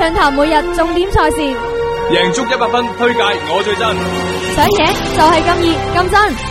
暢談每日重點賽事，贏足一百分推介，我最真，想贏就係咁熱咁真。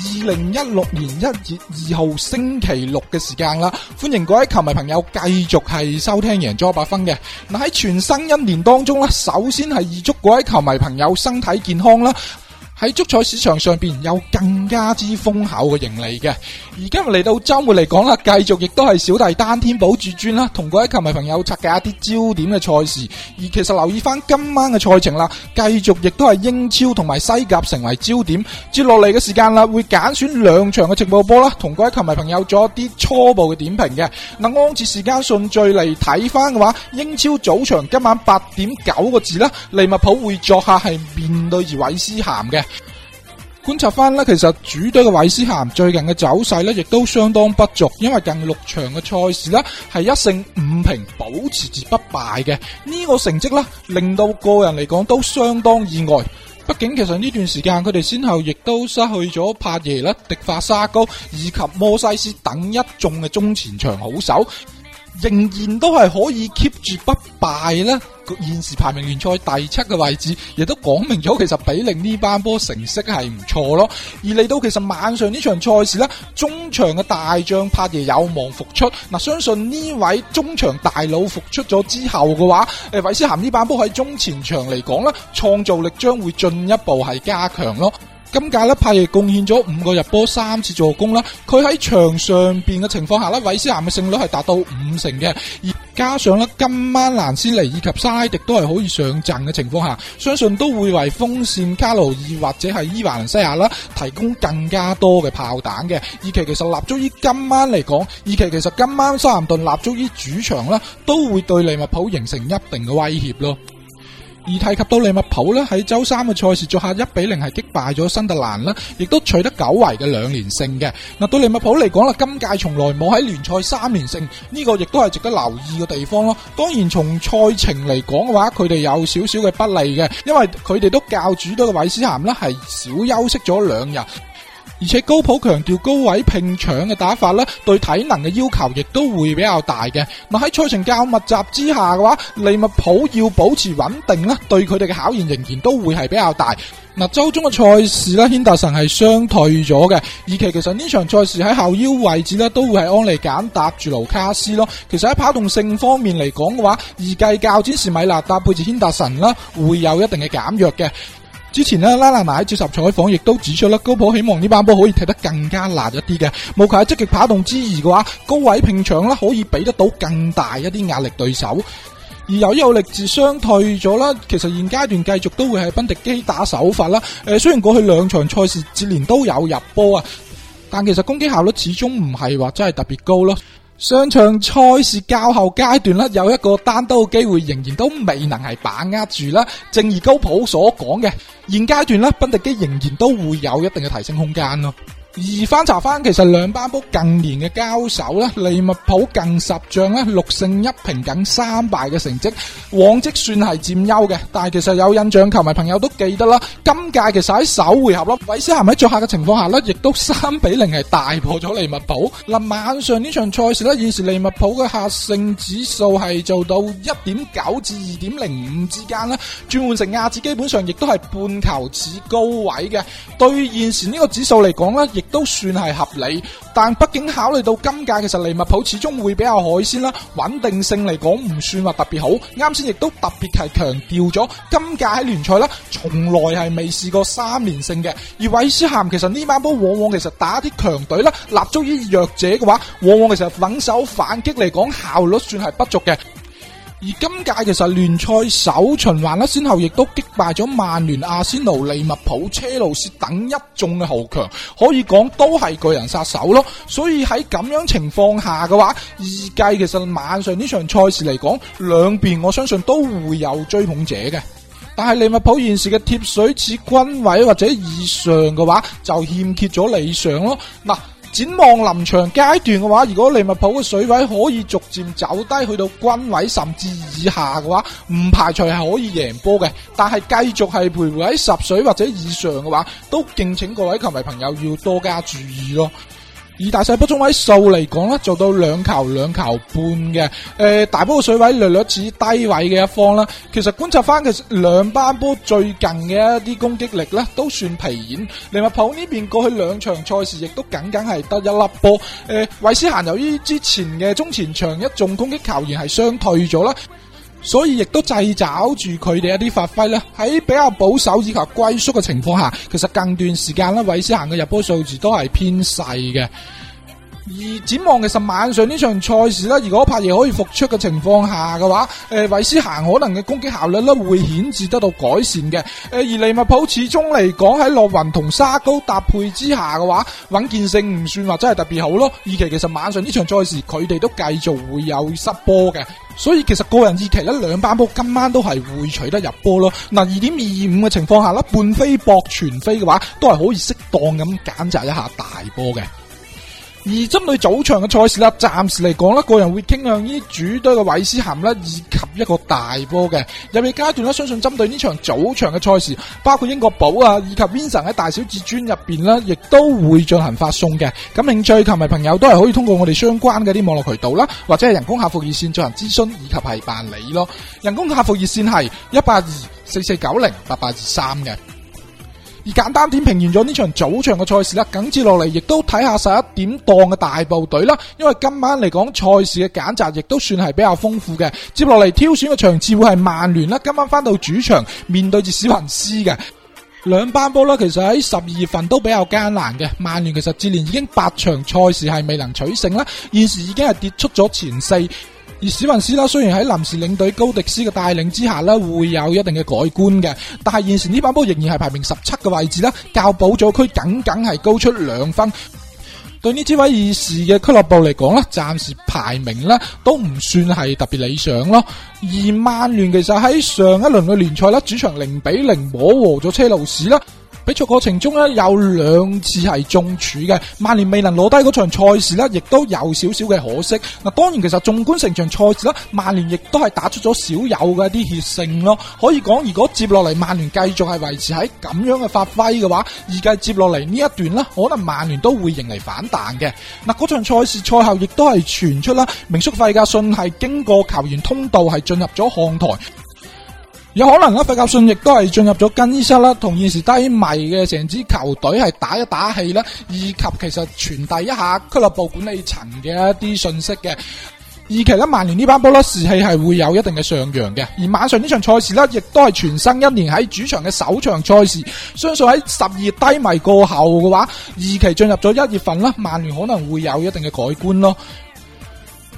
二零一六年一月二號星期六嘅時間啦，歡迎各位球迷朋友繼續係收聽贏足一百分嘅。嗱，喺全新一年當中咧，首先係預祝各位球迷朋友身體健康啦。喺足彩市場上邊有更加之豐厚嘅盈利嘅，而今日嚟到周末嚟講啦，繼續亦都係小弟單天保至尊啦，同各位球迷朋友拆解一啲焦點嘅賽事。而其實留意翻今晚嘅賽程啦，繼續亦都係英超同埋西甲成為焦點。接落嚟嘅時間啦，會揀選兩場嘅直播波啦，同各位球迷朋友做一啲初步嘅點評嘅。嗱，按照時間順序嚟睇翻嘅話，英超早場今晚八點九個字啦，利物浦會作客係面對韋斯咸嘅。觀察翻咧，其實主隊嘅韋斯咸最近嘅走勢咧，亦都相當不俗，因為近六場嘅賽事呢係一勝五平，保持住不敗嘅。呢、這個成績呢，令到個人嚟講都相當意外。畢竟其實呢段時間，佢哋先後亦都失去咗帕耶啦、迪法沙高以及摩西斯等一眾嘅中前場好手，仍然都係可以 keep 住不敗呢。現時排名聯賽第七嘅位置，亦都講明咗其實比鄰呢班波成績係唔錯咯。而嚟到其實晚上呢場賽事呢，中場嘅大將帕爺有望復出。嗱、呃，相信呢位中場大佬復出咗之後嘅話，誒、呃，韋斯咸呢班波喺中前場嚟講呢，創造力將會進一步係加強咯。今屆咧，派耶貢獻咗五個入波，三次助攻啦。佢喺場上邊嘅情況下咧，韋斯咸嘅勝率係達到五成嘅。而加上咧今晚蘭斯尼以及沙拉迪都係可以上陣嘅情況下，相信都會為鋒線卡路爾或者係伊瓦蘭西亞啦提供更加多嘅炮彈嘅。以期其實立足於今晚嚟講，以期其實今晚沙蘭頓立足於主場啦，都會對利物浦形成一定嘅威脅咯。而提及到利物浦呢，喺周三嘅賽事作客一比零係擊敗咗新特蘭啦，亦都取得久違嘅兩連勝嘅。嗱、啊，對利物浦嚟講啦，今屆從來冇喺聯賽三連勝，呢、這個亦都係值得留意嘅地方咯。當然，從賽程嚟講嘅話，佢哋有少少嘅不利嘅，因為佢哋都較主隊嘅韋斯咸呢係少休息咗兩日。而且高普強調高位拼搶嘅打法咧，對體能嘅要求亦都會比較大嘅。嗱，喺賽程較密集之下嘅話，利物浦要保持穩定咧，對佢哋嘅考驗仍然，然都會係比較大。嗱，周中嘅賽事咧，軒達臣係傷退咗嘅。而其其實呢場賽事喺後腰位置咧，都會係安利簡搭住盧卡斯咯。其實喺跑動性方面嚟講嘅話，預計較詹士米拿搭配住軒達臣啦，會有一定嘅減弱嘅。之前咧拉納納喺接受採訪亦都指出啦，高普希望呢班波可以踢得更加難一啲嘅，無球積極跑動之餘嘅話，高位拼搶啦可以俾得到更大一啲壓力對手，而由於有力自相退咗啦，其實現階段繼續都會係賓迪基打手法啦，誒雖然過去兩場賽事接連都有入波啊，但其實攻擊效率始終唔係話真係特別高咯。上場賽事較後階段啦，有一個單刀機會仍然都未能係把握住啦。正如高普所講嘅，現階段啦，賓迪基仍然都會有一定嘅提升空間咯。而翻查翻，其實兩班波近年嘅交手咧，利物浦近十仗咧，六勝一平僅三敗嘅成績，往績算係佔優嘅。但係其實有印象球迷朋友都記得啦，今屆其實喺首回合啦，韋斯咸喺作客嘅情況下咧，亦都三比零係大破咗利物浦。嗱，晚上呢場賽事咧，現時利物浦嘅客勝指數係做到一點九至二點零五之間咧，轉換成亞指基本上亦都係半球指高位嘅。對現時呢個指數嚟講咧，亦～都算係合理，但畢竟考慮到今屆其實利物浦始終會比較海鮮啦，穩定性嚟講唔算話特別好。啱先亦都特別係強調咗，今屆喺聯賽啦，從來係未試過三連勝嘅。而韋斯咸其實呢班波往往其實打啲強隊啦，立足於弱者嘅話，往往其實反手反擊嚟講效率算係不足嘅。而今屆其實聯賽首循環咧，先後亦都擊敗咗曼聯、阿仙奴、利物浦、車路士等一眾嘅豪強，可以講都係巨人殺手咯。所以喺咁樣情況下嘅話，預計其實晚上呢場賽事嚟講，兩邊我相信都會有追捧者嘅。但係利物浦現時嘅貼水似均位或者以上嘅話，就欠缺咗理想咯。嗱、啊。展望臨場階段嘅話，如果利物浦嘅水位可以逐漸走低去到均位甚至以下嘅話，唔排除係可以贏波嘅。但係繼續係徘徊喺十水或者以上嘅話，都敬請各位球迷朋友要多加注意咯。以大細波中位數嚟講咧，做到兩球兩球半嘅，誒、呃、大波水位略略似低位嘅一方啦。其實觀察翻其實兩班波最近嘅一啲攻擊力咧，都算疲軟。利物浦呢邊過去兩場賽事亦都僅僅係得一粒波。誒、呃，韋斯咸由於之前嘅中前場一眾攻擊球員係傷退咗啦。所以亦都制找住佢哋一啲發揮咧，喺比較保守以及龜縮嘅情況下，其實近段時間咧，韋斯咸嘅入波數字都係偏細嘅。而展望，呃呃、而而其實晚上呢場賽事啦，如果柏耶可以復出嘅情況下嘅話，誒，韋斯咸可能嘅攻擊效率咧會顯著得到改善嘅。誒，而利物浦始終嚟講喺落雲同沙高搭配之下嘅話，穩健性唔算話真係特別好咯。二期其實晚上呢場賽事佢哋都繼續會有失波嘅，所以其實個人二期呢兩班波今晚都係會取得入波咯。嗱，二點二二五嘅情況下啦，半飛博全飛嘅話，都係可以適當咁揀擇一下大波嘅。而針對早場嘅賽事啦，暫時嚟講咧，個人會傾向於主隊嘅韋斯咸啦，以及一個大波嘅入面階段咧，相信針對呢場早場嘅賽事，包括英國寶啊，以及 Vincent 喺大小至尊入邊呢，亦都會進行發送嘅。咁興趣球迷朋友都係可以通過我哋相關嘅啲網絡渠道啦，或者係人工客服熱線進行諮詢以及係辦理咯。人工客服熱線係一八二四四九零八八二三嘅。而簡單點評完咗呢場早場嘅賽事啦，緊接落嚟亦都睇下十一點檔嘅大部隊啦，因為今晚嚟講賽事嘅揀擇亦都算係比較豐富嘅，接落嚟挑選嘅場次會係曼聯啦，今晚翻到主場面對住史雲斯嘅兩班波啦，其實喺十二月份都比較艱難嘅，曼聯其實接連已經八場賽事係未能取勝啦，現時已經係跌出咗前四。而史雲斯啦，雖然喺臨時領隊高迪斯嘅帶領之下咧，會有一定嘅改觀嘅，但係現時呢班波仍然係排名十七嘅位置啦，較保組區僅僅係高出兩分。對呢支威爾士嘅俱樂部嚟講咧，暫時排名咧都唔算係特別理想咯。而曼聯其實喺上一輪嘅聯賽咧，主場零比零摸和咗車路士啦。比賽過程中咧，有兩次係中柱嘅，曼聯未能攞低嗰場賽事呢，亦都有少少嘅可惜。嗱、啊，當然其實縱觀成場賽事咧，曼聯亦都係打出咗少有嘅一啲血性咯。可以講，如果接落嚟曼聯繼續係維持喺咁樣嘅發揮嘅話，而家接落嚟呢一段呢，可能曼聯都會迎嚟反彈嘅。嗱、啊，嗰場賽事賽後亦都係傳出啦，名宿費格遜係經過球員通道係進入咗看台。有可能啊，費格遜亦都係進入咗更衣室啦，同現時低迷嘅成支球隊係打一打氣啦，以及其實傳遞一下俱樂部管理層嘅一啲信息嘅。二期咧，曼聯呢班波啦，士氣係會有一定嘅上揚嘅。而晚上呢場賽事呢，亦都係全新一年喺主場嘅首場賽事，相信喺十二月低迷過後嘅話，二期進入咗一月份啦，曼聯可能會有一定嘅改觀咯。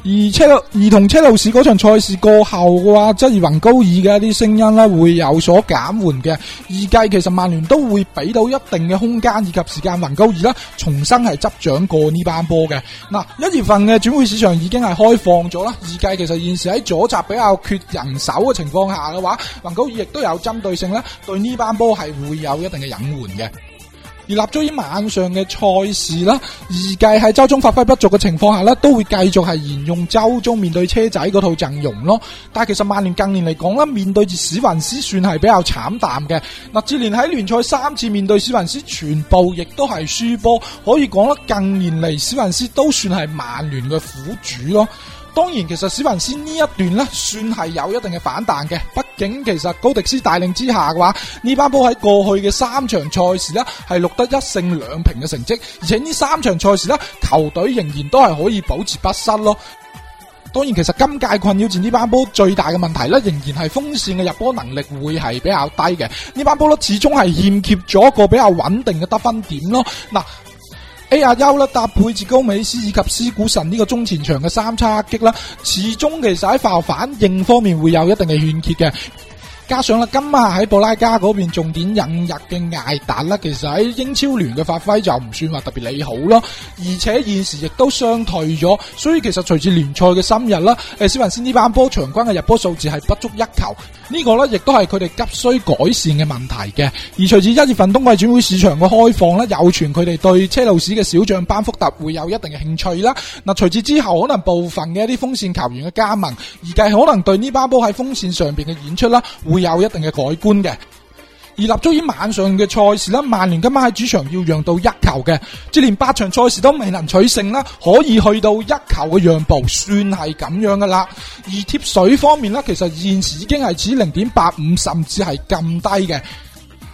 而同車路士嗰場賽事過後嘅話，即而雲高爾嘅一啲聲音咧，會有所減緩嘅。預計其實曼聯都會俾到一定嘅空間以及時間，雲高爾啦，重新係執掌過呢班波嘅。嗱、啊，一月份嘅轉會市場已經係開放咗啦。預計其實現時喺左閘比較缺人手嘅情況下嘅話，雲高爾亦都有針對性咧，對呢班波係會有一定嘅隱患嘅。而立足於晚上嘅賽事啦，預計喺周中發揮不俗嘅情況下呢，都會繼續係沿用周中面對車仔嗰套陣容咯。但係其實曼聯近年嚟講啦，面對住史雲斯算係比較慘淡嘅。嗱，接連喺聯賽三次面對史雲斯，全部亦都係輸波，可以講啦，近年嚟史雲斯都算係曼聯嘅苦主咯。當然，其實史雲斯呢一段咧，算係有一定嘅反彈嘅。畢竟其實高迪斯帶領之下嘅話，呢班波喺過去嘅三場賽事咧，係錄得一勝兩平嘅成績。而且呢三場賽事呢球隊仍然都係可以保持不失咯。當然，其實今屆困擾住呢班波最大嘅問題呢，仍然係鋒線嘅入波能力會係比較低嘅。班呢班波咧始終係欠缺咗一個比較穩定嘅得分點咯。嗱、啊。A、欸、阿優啦搭配住高美斯以及斯古神呢個中前場嘅三叉戟啦，始終其實喺化學反應方面會有一定嘅欠缺嘅。加上啦，今晚喺布拉加嗰邊重點引入嘅艾達啦，其實喺英超聯嘅發揮就唔算話特別利好咯。而且現時亦都相退咗，所以其實隨住聯賽嘅深入啦，誒、欸，斯文斯呢班波場均嘅入波數字係不足一球，呢、這個咧亦都係佢哋急需改善嘅問題嘅。而隨住一月份冬季轉會市場嘅開放咧，有傳佢哋對車路士嘅小將班福特會有一定嘅興趣啦。嗱，隨住之後可能部分嘅一啲鋒線球員嘅加盟，而繼可能對呢班波喺鋒線上邊嘅演出啦會。有一定嘅改觀嘅，而立足於晚上嘅賽事啦，曼聯今晚喺主場要讓到一球嘅，即係連八場賽事都未能取勝啦，可以去到一球嘅讓步，算係咁樣噶啦。而貼水方面呢，其實現時已經係指零點八五，甚至係咁低嘅。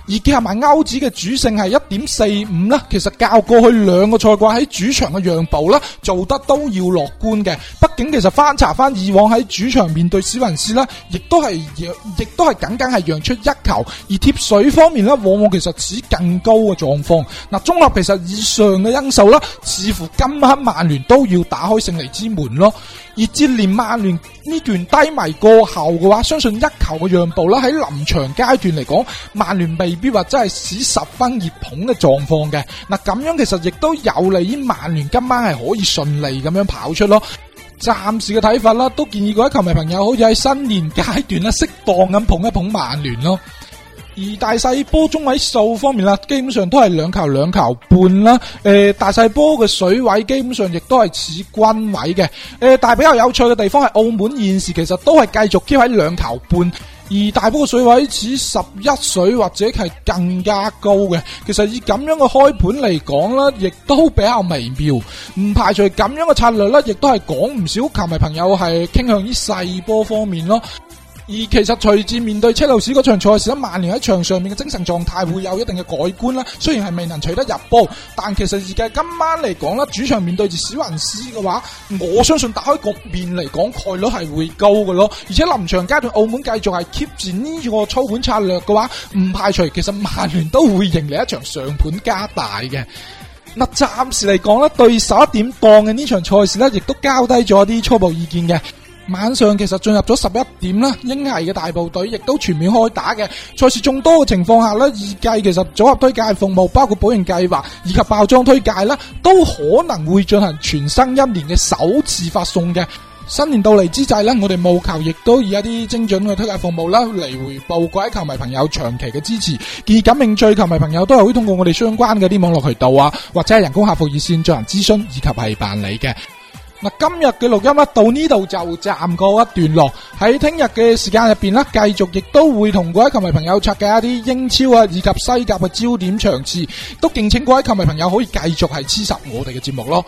而結合埋歐指嘅主勝係一點四五啦，其實較過去兩個賽季喺主場嘅讓步啦，做得都要樂觀嘅。畢竟其實翻查翻以往喺主場面對史雲士呢，呢亦都係亦都係僅僅係讓出一球。而貼水方面呢，往往其實似更高嘅狀況。嗱、啊，綜合其實以上嘅因素啦，似乎今晚曼聯都要打開勝利之門咯。而接連曼聯呢段低迷過後嘅話，相信一球嘅讓步啦，喺臨場階段嚟講，曼聯未必話真係使十分熱捧嘅狀況嘅。嗱，咁樣其實亦都有利於曼聯今晚係可以順利咁樣跑出咯。暫時嘅睇法啦，都建議各位球迷朋友，好似喺新年階段咧，適當咁捧一捧曼聯咯。而大細波中位數方面啦，基本上都係兩球兩球半啦。誒、呃，大細波嘅水位基本上亦都係似均位嘅。誒、呃，但係比較有趣嘅地方係澳門現時其實都係繼續 keep 喺兩球半，而大波嘅水位似十一水或者係更加高嘅。其實以咁樣嘅開盤嚟講啦，亦都比較微妙。唔排除咁樣嘅策略啦，亦都係講唔少球迷朋友係傾向於細波方面咯。而其實隨住面對車路士嗰場賽事，啊、曼聯喺場上面嘅精神狀態會有一定嘅改觀啦。雖然係未能取得入波，但其實而家今晚嚟講咧，主場面對住史雲斯嘅話，我相信打開局面嚟講，概率係會高嘅咯。而且臨場階段，澳門繼續係 keep 住呢個操盤策略嘅話，唔排除其實曼聯都會迎嚟一場上盤加大嘅。嗱、啊，暫時嚟講咧，對十一點檔嘅呢場賽事咧，亦都交低咗一啲初步意見嘅。晚上其實進入咗十一點啦，英係嘅大部隊亦都全面開打嘅。賽事眾多嘅情況下呢，預計其實組合推介服務包括保贏計劃以及爆莊推介啦，都可能會進行全新一年嘅首次發送嘅。新年到嚟之際呢，我哋務求亦都以一啲精準嘅推介服務啦，嚟回報各位球迷朋友長期嘅支持。而感興趣球迷朋友都係會通過我哋相關嘅啲網絡渠道啊，或者係人工客服熱線進行諮詢以及係辦理嘅。今日嘅錄音咧，到呢度就暫告一段落。喺聽日嘅時間入邊咧，繼續亦都會同各位球迷朋友拆解一啲英超啊，以及西甲嘅焦點場次，都敬請各位球迷朋友可以繼續係黐實我哋嘅節目咯。